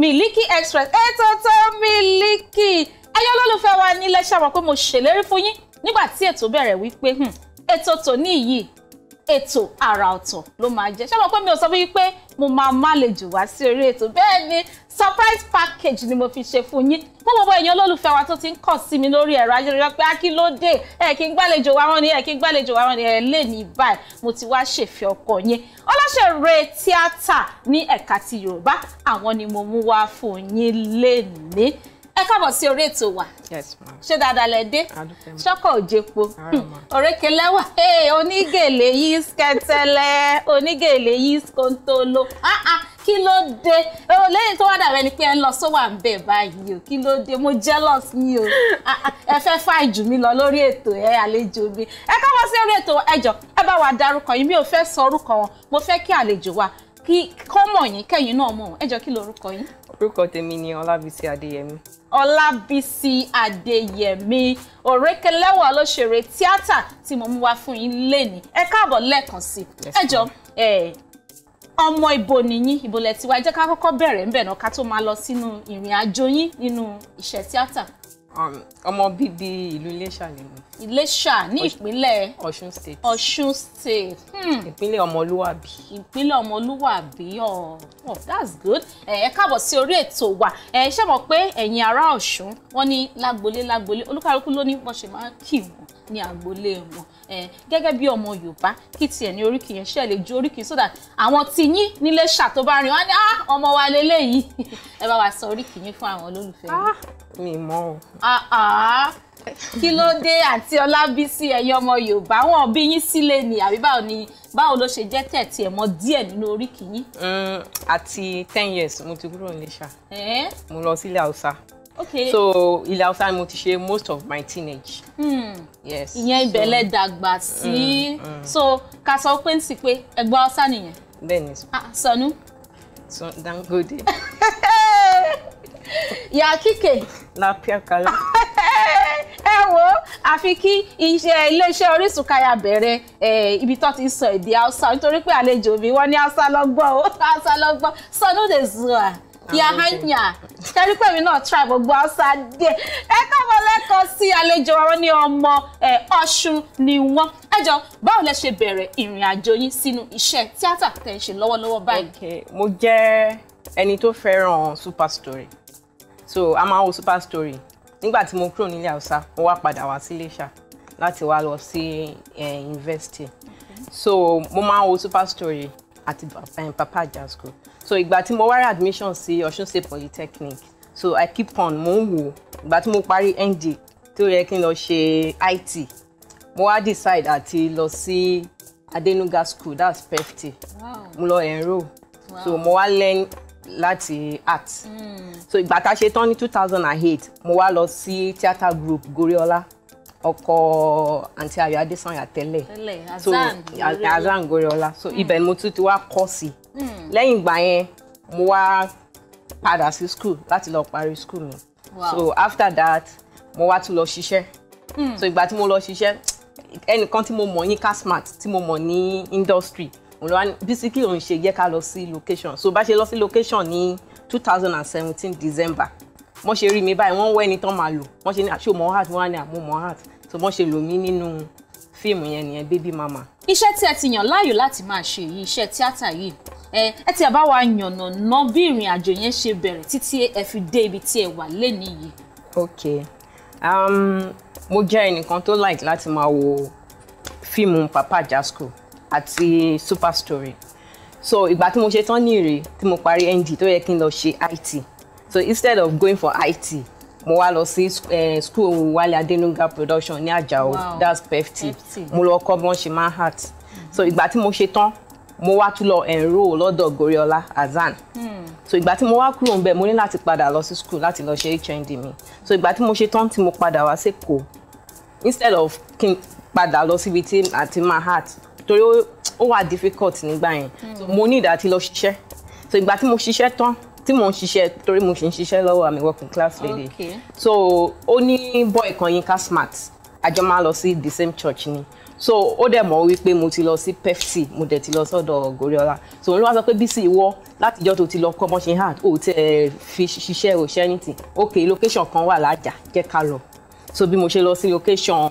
Miliki Express ètò tó Miliki ẹyọ olólùfẹ́ wa nílẹ̀ ṣàmọ̀ pé mo ṣèlérí fún yín nígbà tí ètò bẹ̀rẹ̀ wípé hmm, ètò tòní yìí ètò àrà ọ̀tọ̀ ló máa jẹ́ ṣé mo pé mi ò sọ fún yín pé mo máa má lè jù wá sí orí ètò bẹ́ẹ̀ ni surprise package ni mo fi ṣe fún yín fún gbogbo èèyàn olólùfẹ́ wa tó ti ń kàn sí mi lórí ẹ̀rọ ayélujára pé kí ló dé ẹ̀ kí n gbàlejò wa wọn ni ẹ̀ kí n gbàlejò wa wọn ni ẹ̀ lè ní báyìí mo ti wá ṣèfẹ́ ọkọ yín ọlọ́ṣẹ̀rẹ̀ tíátà ní ẹ̀ka ti Yorùbá àwọn ni mo mú wá fún yín lénìí ẹ káàbọ̀ sí orí ètò wa ṣé dáadáa lẹ dé ṣọ́kọ̀ òjèpo òrékelẹ́wà onígèlè yìí skẹtẹlẹ onígèlè yìí skontolo ah, ah, kí ló dé lẹ́yìn tó wá dàbẹ́ ni pé ẹ ń lọ sówà ń bẹ̀ báyìí o kí ló dé mo jealous ni o ah, ẹ fẹ́ fáì jù mí lọ lórí ètò ẹ àlejò mi ẹ káàbọ̀ sí orí ètò ẹjọ ẹ bá wa dárúkọ yìí mi ò fẹ́ sọ orúkọ wọn mo fẹ́ kí àlejò wa kí kọ́ mọ̀ yín kẹ́yìn náà mọ̀ ẹ jọ kí lorúkọ yín. orúkọ tèmi ni ọlábísí adéyẹmí. ọlábísí adéyẹmí òrékelẹ́wà lóṣèré tíátà tí mo mú wá fún yín lénìí ẹ káàbọ̀ lẹ́ẹ̀kan sí i ẹ jọ ọmọ ibo nìyí ibo lẹ ká kọ́kọ́ bẹ̀rẹ̀ ńbẹ̀ náà ká tó máa lọ sínú ìrìn àjò yín nínú iṣẹ́ tíátà. Um, ọmọ bíbí ìlú Iléṣà mo. Iléṣà ní ìpínlẹ̀ Ọ̀ṣun state. Ọ̀ṣun state. Hmm. ìpínlẹ̀ ọmọlúwàbí. ìpínlẹ̀ ọmọlúwàbí ọ̀ oh, ọ̀ oh, that's good. ẹ eh, ẹ káàbọ̀ sí orí ètò wa eh, ẹ ṣe mọ̀ pé ẹ̀yin ará Ọ̀ṣun wọ́n ní lágbolé lágbolé olúkálùkù ló ní ṣe máa kì wọ́n ní agboolé wọn gẹ́gẹ́ bí ọmọ Yorùbá kí tiẹ̀ ní oríkì yẹn ṣẹ̀ lè ju oríkì sódà àwọn tiyín nílé ṣàtọ́bárin wọn ni ah, ọmọ wa lélẹ́yìí ẹ bá wa sọ oríkì yín fún àwọn olólùfẹ́ yín. Ah, mi mọ̀ o ah, kí ló dé àti ọlábísí ẹyọ ọmọ yorùbá wọn bí yín sílé ni àbí báwo ni báwo ló ṣe jẹ́ tẹ̀tì ẹ̀ mọ́ díẹ̀ nínú oríkì yín. Mm, àti ten years mo ti kúrò ní ṣá mo lọ sílé haúsá okay. so ilẹ̀ haúsá ni mo ti ṣe most of my teenage. Mm. yes ìyẹn ìbẹ̀lẹ̀ dàgbà sí mm, mm. so ká sọ pé ń sì pé ẹgbẹ́ haúsá nìyẹn. bẹ́ẹ̀ni. Sànú. Ah, Dangote. ìyá kíkè. lápẹ́ kálá. ẹ wo àfi kí iṣẹ́ iléeṣẹ́ Orísun káyà bẹ̀rẹ̀ ibi tó ti sọ èdè haúsá nítorí pé àlejò mi wọ́n ní haúsá lọ́gbọ́n haúsá lọ́gbọ́n Sànú de zua ya hanya ṣẹ́rí pẹ̀mí náà try gbogbo ọ̀sà díẹ̀ ẹ káàbọ̀ lẹ́kọ̀ọ́ sí àlejò wa ní ọmọ eh, Ọ̀ṣun ni wọ́n ẹ jọ báwo lẹ ṣe bẹ̀rẹ̀ ìrìn àjò yín sínú iṣẹ́ tíátà tẹ̀ ṣe lọ́wọ́lọ́wọ́ báyìí. mo jẹ́ ẹni tó fẹ́ràn super story so a máa ń wo super story nígbà tí mo kúrò nílé Haúsá mo wá padà wá sí Iléṣà láti wá lọ sí eh, university so mo máa ń wo super story àti eh, papa School, so ìgbà tí mo wá rí admission sí Ọ̀ṣun State Polytechnic so I keep on mo ń wò ìgbà tí mo parí ND tó yẹ kí n lọ ṣe IT mo wá decide àti lọ sí Adenuga school that's PEFTE mo lọ enrol so mo wá learn láti art mm. so ìgbà tá a ṣe tán ní two thousand and mo wá lọ sí theatre group Goriola ọkọ àǹtí ayọ̀ adésanya tẹ́lẹ̀ so azan goriola so hmm. ibẹ̀ ni mo tún ti wá kọ́ sí hmm. lẹ́yìn ìgbà yẹn mo wá padà sí school láti lọ parí school mi so after that mo wá tún lọ ṣiṣẹ́ hmm. so ìgbà tí mo lọ ṣiṣẹ́ ẹnìkan tí mo mọ̀ ní casmart tí mo mọ̀ ní industry òun wá bisikì òun ṣe yẹ ká lọ sí location so bá ṣe lọ sí location ní two thousand and seventeen december wọ́n ṣe rí mi báyìí wọ́n ń wẹ́ ẹni tán máa lò wọ́n ṣe ní àṣọ mọ́ heart wọ́n á ní àmú mọ́ heart so wọ́n ṣe lò mí nínú fíìmù yẹn nìyẹn baby mama. iṣẹ́ tí ẹ ti yàn láàyò láti máa ṣe yìí iṣẹ́ tíátà yìí ẹ ẹ ti bá wa yànnà ná bí ìrìn àjò yẹn ṣe bẹ̀rẹ̀ títí ẹ fi dé ibi tí ẹ wà lénìí yìí. ok um, mo jẹ́ ẹnìkan tó like láti máa wo fíìmù Papa Jasco àti Super Story so ìgbà tí mo ṣe tán ní ìrè tí mo parí ND tó yẹ kí n lọ ṣe IT so instead of going for IT mo wá lọ sí eh, school Wálé Adénúgà production ní ajao. that's Pepti mo lọ kọ́ bí ṣe máa art so ìgbà tí mo ṣe tán mo wá tún lọ enrol lọ́dọ̀ Goriola Azan hmm. so ìgbà tí mo wá kúrò ń bẹ̀ mo ní láti padà lọ sí school láti lọ ṣe HND mi so ìgbà tí mo ṣe tán tí mo padà wá sẹ́kọ̀ọ́ instead of kí n padà lọ síbi tí àti máa art torí ó wà difficult nígbà yẹn hmm. so mo ní ìdá tí lọ ṣiṣẹ́ so ìgbà tí mo ṣiṣẹ́ tán tí mò ń ṣiṣẹ́ torí mo ṣì ń ṣiṣẹ́ lọ́wọ́ àmì working class lady so ó ní boy kan Yinka Smart àjọ máa lọ sí the same church ni so ó dẹ̀ mọ̀ wípé mo ti lọ sí Pepsi mo dẹ̀ ti lọ sọ́dọ̀ Goriola so olúwa sọ pé Bísí ìwọ látijọ́ tó ti lọ kọ́ mọ́ṣin hard ó tẹ fi ṣiṣẹ́ ò ṣe anything ok location kan wà lájà jẹ́ ká lọ so bí mo ṣe lọ sí location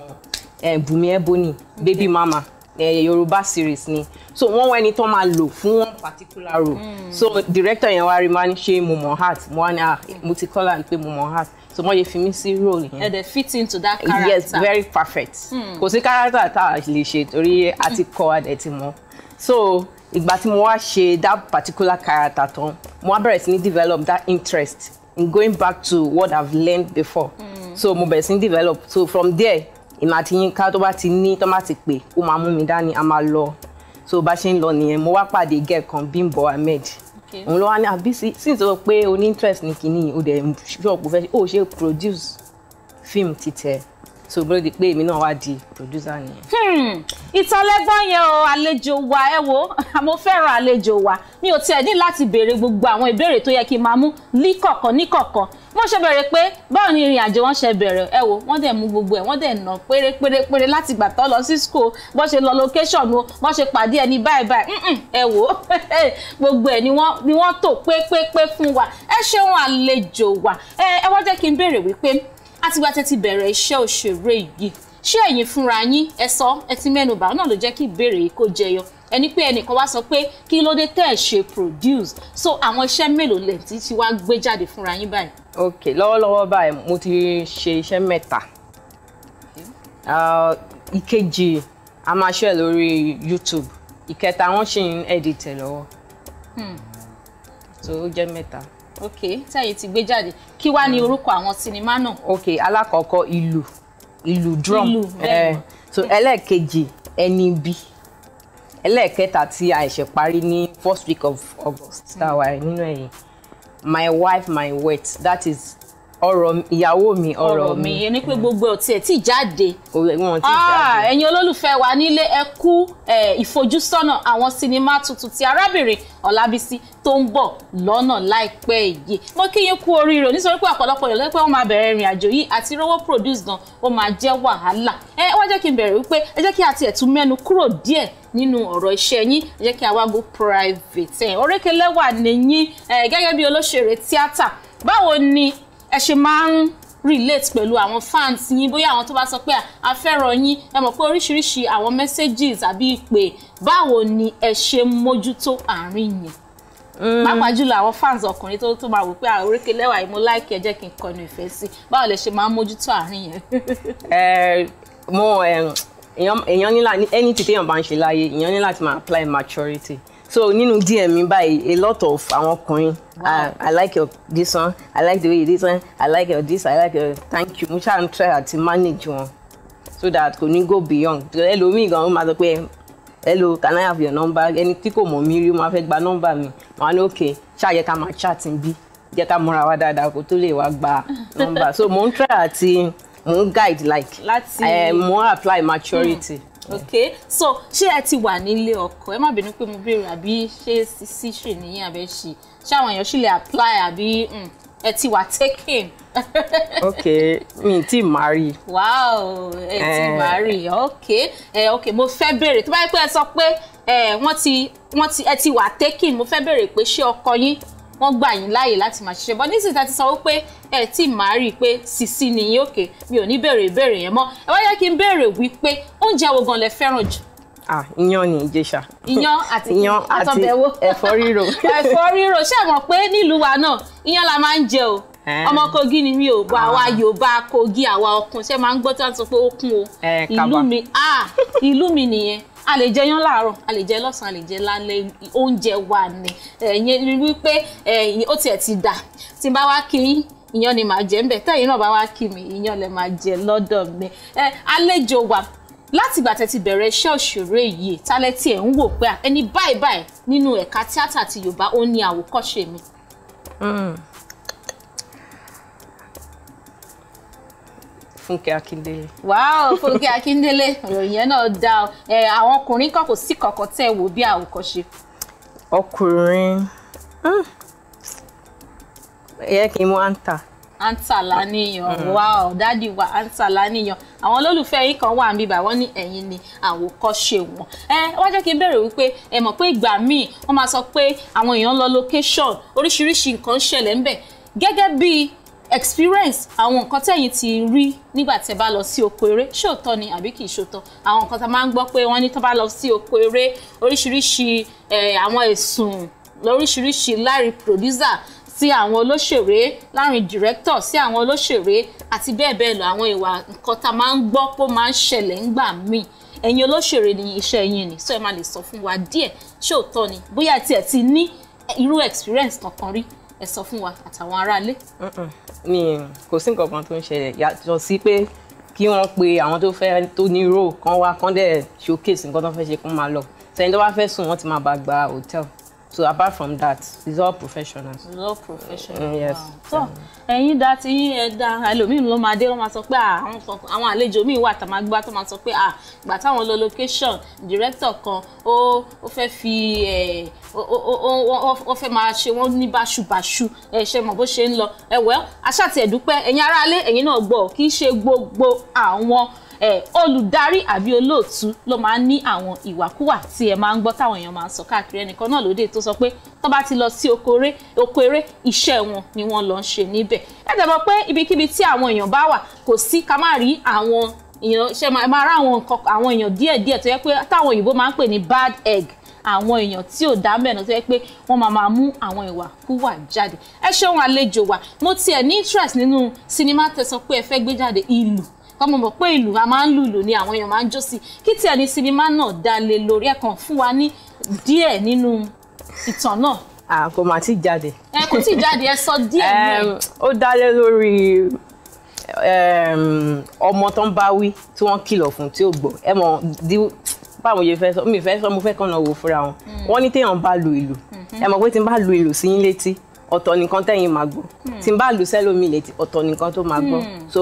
eh, Bùnmi Ebony okay. baby mama Eh, yorùbá series ni so wọ́n wá ẹni tán máa lò fún one particular role mm. so director yẹn wá rí máa ń ṣe mo heart mo wá ní ah mo ti kọ́ láti pé mo heart so mo yẹ fi mí sí role yẹn. and they fit into that character yes very perfect hmm. kò sí character tá a lè ṣe torí a ti kọ́ ti mọ̀ so ìgbà tí mo wá ṣe that particular character tán mo wá bẹ̀rẹ̀ sí ní develop that interest in going back to what I've learned before mm. so mo bẹ̀rẹ̀ sí ní develop so from there èmi àti Yínká tó bá ti ní tó ti pè ó máa mú mi dání a máa lọ so bá ṣe ń lọ nìyẹn mo wá pàdé gẹ́ẹ̀ kan Bímbọ́ Ahmed òun ló wá ní àbí sí ìtọ́ pé o ní interest ní kínní o dẹ̀ ṣọ́ọ̀pù fẹ́ o ṣe produce fíìmù títẹ̀ so bó di pé èmi náà wá di producer nìyẹn. Hmm, ìtọ́lẹ́gbọ́n yẹn o àlejò wa ẹ wo mo fẹ́ràn àlejò wa mi ò tiẹ̀ ní láti béèrè gbogbo àwọn ìbéèrè tó yẹ kí n máa mú níkọ̀ọ̀kan níkọ̀ọ̀kan wọ́n ṣe bẹ̀rẹ̀ pé báwo ni ìrìn àjò wọn ṣe bẹ̀rẹ̀ ẹ wo wọ́n dẹ̀ mú gbogbo ẹ̀ wọ́n dẹ̀ nà péré péré péré láti gbà tán lọ sí school bọ́n ṣe lọ location o bọ́n ṣe pàdé ẹni báyìí báyìí ẹ wo gbogbo ẹ̀ ni wọ́n tò pépépé fún wa ẹ ṣeun àlejò wa ẹ wá jẹ́ kí n béèrè wípé àtìgbà tẹ́ ti bẹ̀rẹ̀ iṣẹ́ òṣèré yìí ṣé ẹ̀yin fúnra yín ẹ sọ ẹ ti mẹ́nu bà náà ló jẹ́ kí ìbéèrè yìí kó jẹyọ ẹni pé ẹnìkan wá sọ pé kí ló dé tẹ́ ẹ̀ ṣe produce so àwọn iṣẹ́ mélòó lẹ̀ tí ti wá gbé jáde fúnra yín báyìí ok lọ́wọ́lọ́wọ́ báyìí mo ti ṣe iṣẹ́ mẹ́ta uh, ìkejì a máa ṣe lórí YouTube ìkẹta wọn ṣì ń edit ẹ lọ́wọ́ hmm. so ó jẹ́ mẹ́ta. ok tẹ́yìn ti gbé jáde kí wàá ní hmm. orúkọ àwọn sinimá náà. ok alákọ̀ọ́kọ́ ìlù ìlù drum ìlù bẹ́ẹ̀ eh, so ẹlẹ́ẹ̀kejì ẹni bí ẹlẹ́ẹ̀kẹta tí a ṣẹ̀ parí ní first week of August tá a wà nínú ẹ̀yìn my wife my wet that is ọ̀rọ̀ ìyàwó mi ọ̀rọ̀ mi. ọ̀rọ̀ mi ní pé gbogbo ọtí ẹ ti jáde. wọn ti jáde. Ah, ẹ̀yin olólùfẹ́ wa nílé ẹ kú ìfojúsọ́nà àwọn sinimá tuntun ti arábìnrin ọlábísí tó ń bọ̀ lọ́nà láìpẹ́ yìí mo kí yín kú oríire o nítorí pé ọ̀pọ̀lọpọ̀ èèyàn lọ́pẹ́ wọ́n máa bẹ̀rẹ̀ ìrìn àjò yìí àti rówó produce gan ó máa jẹ́ wàhálà ẹ wá jẹ́ kí n bẹ̀rẹ̀ wípé ẹ jẹ́ kí a tiẹ̀ tún mẹ́nu kúrò díẹ̀ nínú ọ̀rọ̀ iṣẹ́ yín ẹ jẹ́ kí a wá go private ẹ̀ Ọ̀rẹ́kẹ́lẹ́wà nìyín gẹ́gẹ́ bí olóṣèré tíátà báwo ni ẹ ṣe máa ń relate pẹ̀lú àwọn fans yín bóyá àwọn tó bá sọ pé a fẹ́ràn yín ẹ mọ̀ pé oríṣiríṣi àwọn messages àbí ìpè báwo ni ẹ ṣe mójútó àárín yẹn mm. pàápàá jùlọ àwọn fans ọkùnrin tó máa wò pé Ọ̀rẹ́kẹ́lẹ́wà yìí mo láìkí ẹ jẹ́ kí n kọnu ìfẹ́ sí báwo lẹ ṣe máa ń mójútó àárín yẹn. Eh, mo èèyàn nílà ẹni tí téèyàn bá ń ṣe láyé èèyàn nílà ti máa apply maturity so nínú dm mi báyìí a lot of àwọn ọkùnrin I, like your this one i like the way you this one i like your this i like your thank you mo ṣáà ń try àti manage wọn so that kò ní go beyond ẹlòmíì gan ó máa sọ pé hello can i have your number ẹni tí kò mọ̀ mí rí máa fẹ́ gba nọ́mbà mi wọn ní ok ṣáà ká máa chat bí jẹ́ ká múra wa dáadáa kó tó lè wá gba nọ́mbà so mo ń try àti mo ń guide like láti eh, mo ń apply maturity. Mm. Yeah. ok so ṣé ẹ ti wà nílé ọkọ ẹ má bínú pé mo béèrè àbí ṣé ṣíṣe nìyẹn abẹ ṣì ṣé àwọn èèyàn ṣì lè apply àbí hmm, ẹ ti wà taken. ok mi ti marry. wow ẹ eh, ti marry ok ẹ eh, ok mo fẹ́ béèrè tó bá yẹ pé ẹ sọ pé ẹ eh, wọ́n ti wọ́n ti ẹ ti wà taken mo fẹ́ béèrè pé ṣé ọkọ yín wọ́n gbà yín láàyè láti máa ṣiṣẹ́ bọ́ nísìnyí tá ti sọ wípé ẹ tí màá rí i pé sisi nìyí òkè mi ò ní béèrè ìbéèrè yẹn mọ́ ẹ wá yẹ kí n béèrè wípé oúnjẹ wo gan lẹ fẹ́ràn jù ah iyán ni ìjẹsà. iyán àti iyán àti ẹ̀fọ́ ríro. ẹ̀fọ́ ríro ṣé ẹ mọ̀ pé nílùú wa náà iyán la máa ń jẹ o ọmọ kogi ni mi ò bọ ah. àwa yorùbá kogi àwa ọkùn ṣé máa ń gbọ́ tí wọ́n sọ pé ó kún o ìlú mi ìlú mi nìyẹn a lè jẹ yán láàárọ̀ a lè jẹ lọ́sàn-án a lè jẹ lálẹ́ oúnjẹ wa ni ẹ̀yìn rí wípé ó tiẹ̀ ti dà tí n bá wá kí ìyán ni màá jẹ ń bẹ tẹ́yìn náà bá wá kí mi ìyán lẹ máa jẹ lọ́dọ̀ mi àlejò wa láti ìgbà tẹ́ ti bẹ̀rẹ̀ iṣẹ́ òṣèré yìí tálẹ́ tí ẹ̀ ń wò pé ẹni báyìí báyìí nínú ẹ̀ka tíátà ti Yorùbá ó ní àwòkọ́ṣe mi. Mm. fúnkẹ́ akíndélé. wáá fúnkẹ́ akíndélé ìròyìn yẹn náà dá ọ àwọn ọkùnrin kan kò sí kankan tẹ́ ẹ wò bí àwòkọ́ṣe. ọkùnrin hmm. ẹ̀yẹ́ kì í mú àǹtà. àǹtà lánìyàn wá dádì wa anta lánìyàn àwọn olólùfẹ́ yín kan wà ń bíbà wọ́n ní ẹ̀yin ni àwòkọ́ṣe wọn. ẹ wọ́n jẹ́ kí n bẹ̀rẹ̀ wípé ẹ mọ̀ pé ìgbà míì wọ́n máa sọ pé àwọn èèyàn lọ location oríṣiríṣi nǹkan ṣẹlẹ̀ ńbẹ̀ gẹ́gẹ́ bíi experience àwọn nǹkan tẹ̀yìn ti rí nígbà tẹ́ bá lọ sí oko eré ṣòótọ́ ni àbí kì í ṣòótọ́ àwọn nǹkan tá máa ń gbọ́ pé wọ́n ní tó bá lọ sí oko eré oríṣiríṣi àwọn ẹ̀sùn lóríṣiríṣi láàrin producer sí àwọn olóṣèré láàrin director sí àwọn olóṣèré àti bẹ́ẹ̀ bẹ́ẹ̀ lọ àwọn ìwà nǹkan tá máa ń gbọ́ pé ó máa ń ṣẹlẹ̀ ńgbà míì ẹ̀yin olóṣèré ni iṣẹ́ yín ni so ẹ máa lè sọ fún wa díẹ̀ ṣòótọ́ ni bóyá tiẹ̀ ti ní irú experience kankan rí ẹ sọ fún wa àtàwọn aráalé. mi kò sí nǹkan kan tó ń ṣẹlẹ̀ yàtọ̀ sí pé kí wọ́n pe àwọn tó fẹ́ tó ní ró kan wá kán dẹ̀ showcase nǹkan tó fẹ́ ṣe kó máa lọ sẹ́yìn tó bá fẹ́ sùn wọ́n ti máa bá gba hòtẹ́ẹ̀lì so apart from that it's all professionals. it's all professionals uh, mm, yes. so and ẹyin dá ti yín ẹ dá ẹlòmíín ló máa dé wọn máa sọ pé ah, àwọn àlejò míín wà tàmá gbá tó máa Ah, pé ìgbà táwọn lọ location director kan ó ó fẹ́ fi ẹ ó fẹ́ máa ṣe wọ́n ní báṣubàṣu ẹ ṣe mọ̀ bó ṣe ń lọ ẹ wẹ́ aṣáàtì ẹ̀dúpẹ́ ẹ̀yin aráalé ẹ̀yin náà gbọ́ kì í ṣe gbogbo àwọn Eh, olùdarí àbí olóòtú ló máa ń ní àwọn ìwàkúwà tí ẹ máa ń gbọ́ táwọn èèyàn máa ń sọ káàkiri ẹnìkan náà lóde tó sọ pé tó bá ti lọ sí oko eré iṣẹ́ wọn ni wọ́n lọ ń ṣe níbẹ̀ ẹ tẹ̀ mọ́ pé ibikíbi tí àwọn èèyàn bá wà kò sí ká má rí àwọn èèyàn ṣe máa rá àwọn nǹkan àwọn èèyàn díẹ̀díẹ̀ tó yẹ pé táwọn òyìnbó máa ń pè ní bad egg àwọn èèyàn tí ò dá mẹ́rin tó yẹ pé wọ́n máa máa mú àwọn ìwà kúwà jáde ẹ ṣeun àlejò wa mo tiẹ̀ ní interest nínú sinimá tẹ̀sán pé ẹ fẹ́ gbé jáde ìlú ọmọ mọ̀ pé ìlú a máa ń lùlù ni àwọn èèyàn máa ń jó sí kí tí ẹni sinimá náà dá lé lórí ẹ̀ kàn fún wa ní díẹ̀ nínú ìtàn náà. kò mà tí jáde. ẹ kò tí jáde ẹ sọ díẹ̀ náà. ó dá lé lórí ọmọ tó ń bá wí tí wọ́n kìlọ̀ fún tí ó gbọ́ ẹ mọ̀ báwo yẹ fẹ́ sọ mi fẹ́ sọ mo fẹ́ kàn náà wò fúnra wọn hmm. wọ́n ní téèyàn bá lu ìlú hmm. ẹ mọ̀ pé tí n bá lu ìlú sí yín létí ọ̀tọ̀ nìkan tẹ̀yìn máa gbọ́ hmm. tí n bá lù sẹ́lómi létí ọ̀tọ̀ nìkan tó máa gbọ́ hmm. so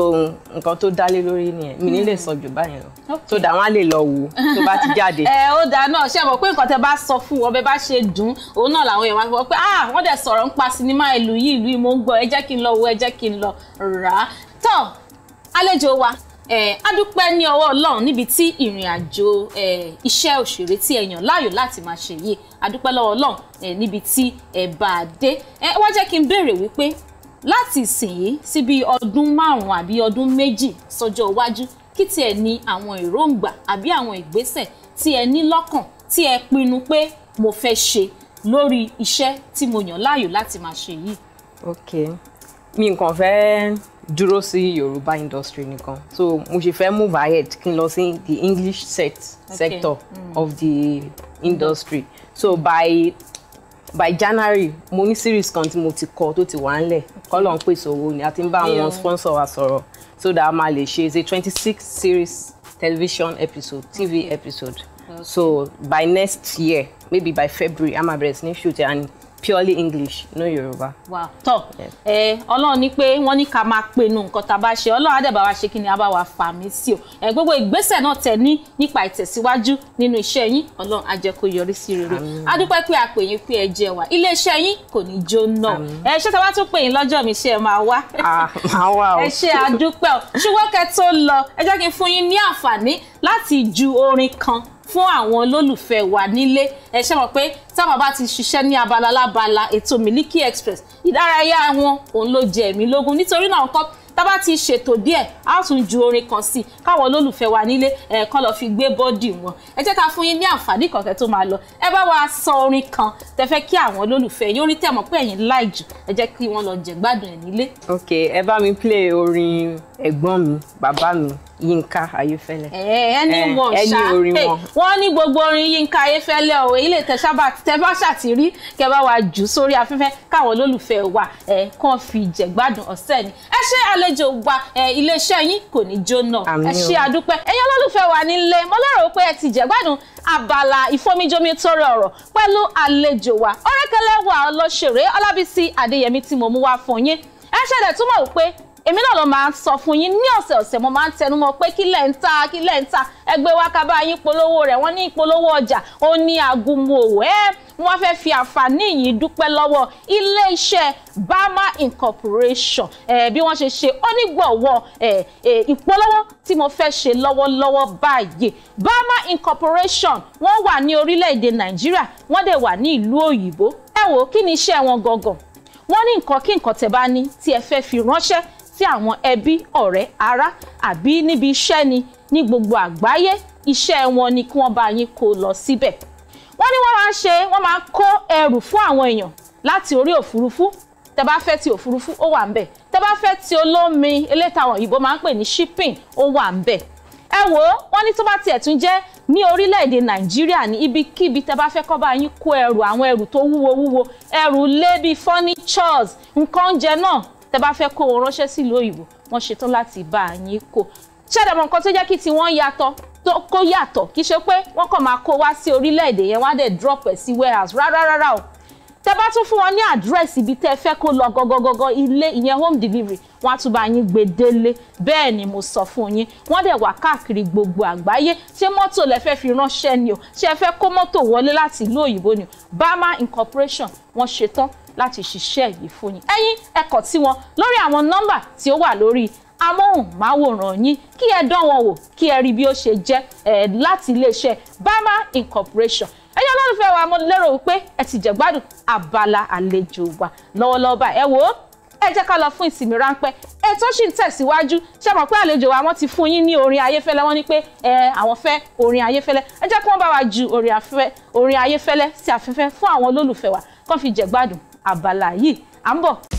nǹkan tó dálé lórí nìyẹn mi ní lè hmm. sọ jù báyẹn lọ so dà wọ́n á lè lọ wò tó bá ti jáde. Eh, ẹ ó dáa náà ṣe mọ̀ pé nǹkan tẹ bá sọ fún wọn bá ṣe dùn òun náà làwọn èèyàn máa fọ pé ah wọ́n dẹ̀ sọ̀rọ̀ ń pa sinimá ìlú yìí ìlú yìí mo ń gbọ́ ẹ jẹ́ kí n lọ wo ẹ jẹ́ kí n lọ rà á tán àlejò wa adúpẹ́ ní ọwọ́ ọlọ́run níbi tí ìrìn àjò iṣẹ́ òṣèré tí ẹ yàn láàyò láti máa ṣe yìí adúpẹ́ lọ́wọ́ ọlọ́run níbi tí ẹ bá a dé ẹ wá jẹ́ kí n béèrè wípé láti ìsìn yìí sí bí ọdún márùn-ún àbí ọdún méjì sọjọ́ iwájú kí tí ẹ ní àwọn èròǹgbà àbí àwọn ìgbésẹ̀ tí ẹ ní lọ́kàn tí ẹ pinnu pé mo fẹ́ ṣe lórí iṣẹ́ tí mo yàn láàyò láti máa ṣe yìí. ok mi nǹkan fẹ́ẹ́ dúró sí Yorùbá industry nìkan so mo ṣe fẹ́ move ahead kí n lọ sí the English set okay. sector mm. of the industry so by by January mo ní series kan tí mo ti kọ tó ti wà ńlẹ̀ kọ́lọ̀ ń pèsè owó ni a ń bá àwọn sponsor wa sọ̀rọ̀ so that a máa lè ṣe ṣe twenty six series television episode TV okay. episode okay. so by next year maybe by February I'm máa bẹ̀rẹ̀ sí shoot and purely English no Yorùbá. Wow. tọ ẹ Ọlọ́run ní pé wọ́n ní ká máa pinnu nǹkan tá a bá ṣe Ọlọ́run àdẹ̀bà wa ṣe kí ni a bá wa fà mí sí o ẹ gbogbo ìgbésẹ̀ náà tẹ̀ ní nípa ìtẹ̀síwájú nínú iṣẹ́ yín Ọlọ́run á jẹ́ kó yọrí sí rere a dúpẹ́ pé a pè yín pé ẹ jẹ́ wa iléeṣẹ́ yín kò ní jóná ẹ ṣé tá a bá tún pè yín lọ́jọ́ mi ṣe ẹ máa wá ẹ ṣé a o ṣùgbọ́n kẹ́ tó lọ ẹ jẹ́ kí n fún yín ní àǹfààní láti ju orin kan fún àwọn olólùfẹ́ wa nílé ẹ ṣe mọ̀ pé táwọn bá ti ṣiṣẹ́ ní abala lábala ètò Miliki Express ìdárayá wọn òun ló jẹ ẹ̀mí lógún nítorí náà kọ́ tábà ti ṣètò díẹ̀ á tún ju orin kan sí káwọn olólùfẹ́ wa nílé ẹ̀ẹ̀kan lọ fi gbé bọ́dì wọn ẹ jẹ́ ká fún yín ní àǹfààní kọ̀ọ̀kẹ́ tó máa lọ ẹ bá wa sọ orin kan tẹ fẹ́ kí àwọn olólùfẹ́ yín orin tẹ̀ mọ́ pé ẹ̀yin láì jù ẹ jẹ́ kí wọ́n lọ jẹ̀gbádùn ẹ̀ nílé. ok ẹ bá mi play orin ẹ̀gbọ́n mi bàbá mi Yínká Ayéfẹ́lẹ́. ẹ ẹni wọn ṣá wọn ní gbogbo orin Yínká Ayéfẹ́lẹ́ ọ̀hún ilé ìtẹ̀sábà tẹ́ bá ṣàtìrí kẹ́ bá wa jù sórí afẹ́fẹ́ káwọn olólùfẹ́ wa ẹ̀ kàn fi jẹ̀gbádùn ọ̀sẹ̀ ni. ẹ ṣe àlejò wa iléeṣẹ́ yín kò ní jóná ẹ ṣe àdúpẹ́ ẹ̀yin olólùfẹ́ wa nílé mo lérò pé ẹ ti jẹ̀gbádùn abala ìfomijomi tọrọ ọ̀rọ̀ pẹ̀lú àlejò wa ọ̀rẹ́kẹ́lẹ́ wa ọlọ́ṣèré Ọlábísí Adéyẹmí tí mo mú wá fún yín ẹ ṣẹ̀dẹ̀ túmọ̀ wípé èmi náà ló máa ń sọ fún yín ní ọ̀sẹ̀ ọ̀sẹ̀ mo máa ń tẹnu mọ́ pé kí lẹ̀ ń ta kí lẹ̀ ń ta ẹgbẹ́ wa ká bá yín polówó rẹ̀ wọ́n ní ìpolówó ọjà ó ní agunmòwò ẹ́ wọ́n fẹ́ fi àǹfààní yìí dúpẹ́ lọ́wọ́ iléeṣẹ́ bama incorporation bí wọ́n ṣe ṣe onígbọ̀wọ́ ìpolówó tí mo fẹ́ ṣe lọ́wọ́lọ́wọ́ báyìí bama incorporation wọ́n wà ní orílẹ̀-èdè nàìjíríà wọ́n dẹ̀ wà ní ìlú òyìnbó ẹ wo kí ni iṣẹ́ wọn gangan wọ́n ní nǹkan kí nǹkan tẹ́ bá ní tí ẹ fẹ́ fi ránṣẹ́ sí àwọn ẹbí ọ̀rẹ́ ará àbí níbi iṣẹ́ ni ní gbogbo àgbáyé iṣẹ́ wọn ni kí wọ́n bá yín kó lọ síbẹ̀ wọ́n ní wọ́n máa ń ṣe wọ́n máa ń kó ẹrù fún àwọn èèyàn láti orí òfurufú tẹ bá fẹ́ ti òfurufú ó wà ń bẹ̀ tẹ bá fẹ́ ti olómi eléta àwọn òyìnbó máa ń pè ní shipping ó wà ń bẹ̀ ẹ wò ó wọ́n ní tó bá tiẹ̀ tún jẹ́ ní orílẹ̀-èdè nàìjíríà ní ibikíbi tẹ bá fẹ́ kọ́ bá yín kó ẹrù àwọn ẹrù tó wúwo wúwo ẹrù lé bíi furnitures nǹkan oúnjẹ náà tẹ bá fẹ́ kó wọn ránṣẹ́ sí ìlú òyìnbó wọ́n ṣetán láti bá a yín kó ṣàdàmọ̀ nǹkan tó jẹ́ kí tiwọn yàtọ̀ tó kó yàtọ̀ kì í ṣe pé wọ́n kàn máa kó wá sí orílẹ̀-èdè yẹn wá dẹ̀ drop ẹ̀ sí warehouse rárá rárá o tẹ bá tún fún wọn ní àdírẹ́sì ibi tẹ fẹ́ kó lọ gọ́gọ́gọ́gọ́ ilé ìyẹn home delivery wọn á tún bá yín gbé délé bẹ́ẹ̀ ni mo sọ fún yín wọ́n dẹ̀ wà káàkiri gbogbo àgbáyé ṣé mọ́tò lẹ fẹ́ fi ránṣẹ́ ni o ṣé ẹ fẹ́ kó mọ́tò wọlé láti ìlú òyìnbó ni o Bama Incorporation wọ́n ṣetán láti ṣiṣẹ́ yìí fún yín ẹ̀yin ẹ kàn sí wọn lórí àwọn nọ́mbà tí ó wà lórí amóhùnmáwòrán yín kí ẹ dán wọn wò kí ẹ rí bí ó ṣe jẹ́ ẹ láti iléeṣẹ́ Bama Incorporation ẹ̀yin olólùfẹ́ wa mo lérò wípé ẹ ti jẹ̀gbádùn abala àlejò wa lọ́wọ́lọ́wọ́ bá ẹ wò ó ẹ jẹ́ ká lọ fún ìsinmi ráńpẹ́ ètò ṣì ń tẹ̀síwájú ṣe mọ̀ pé àlejò wa wọ́n ti fún yín ní orin ayéfẹ́lẹ́ wọ́n ní pé ẹ àwọn fẹ́ orin ayéfẹ́lẹ́ ẹ jẹ́ kí wọ́n bá wa ju orin ayéfẹ́lẹ́ sí afẹ́fẹ́ fún àwọn olólùfẹ́ wa kán fi jẹ̀gbádùn abala yìí à ń bọ̀.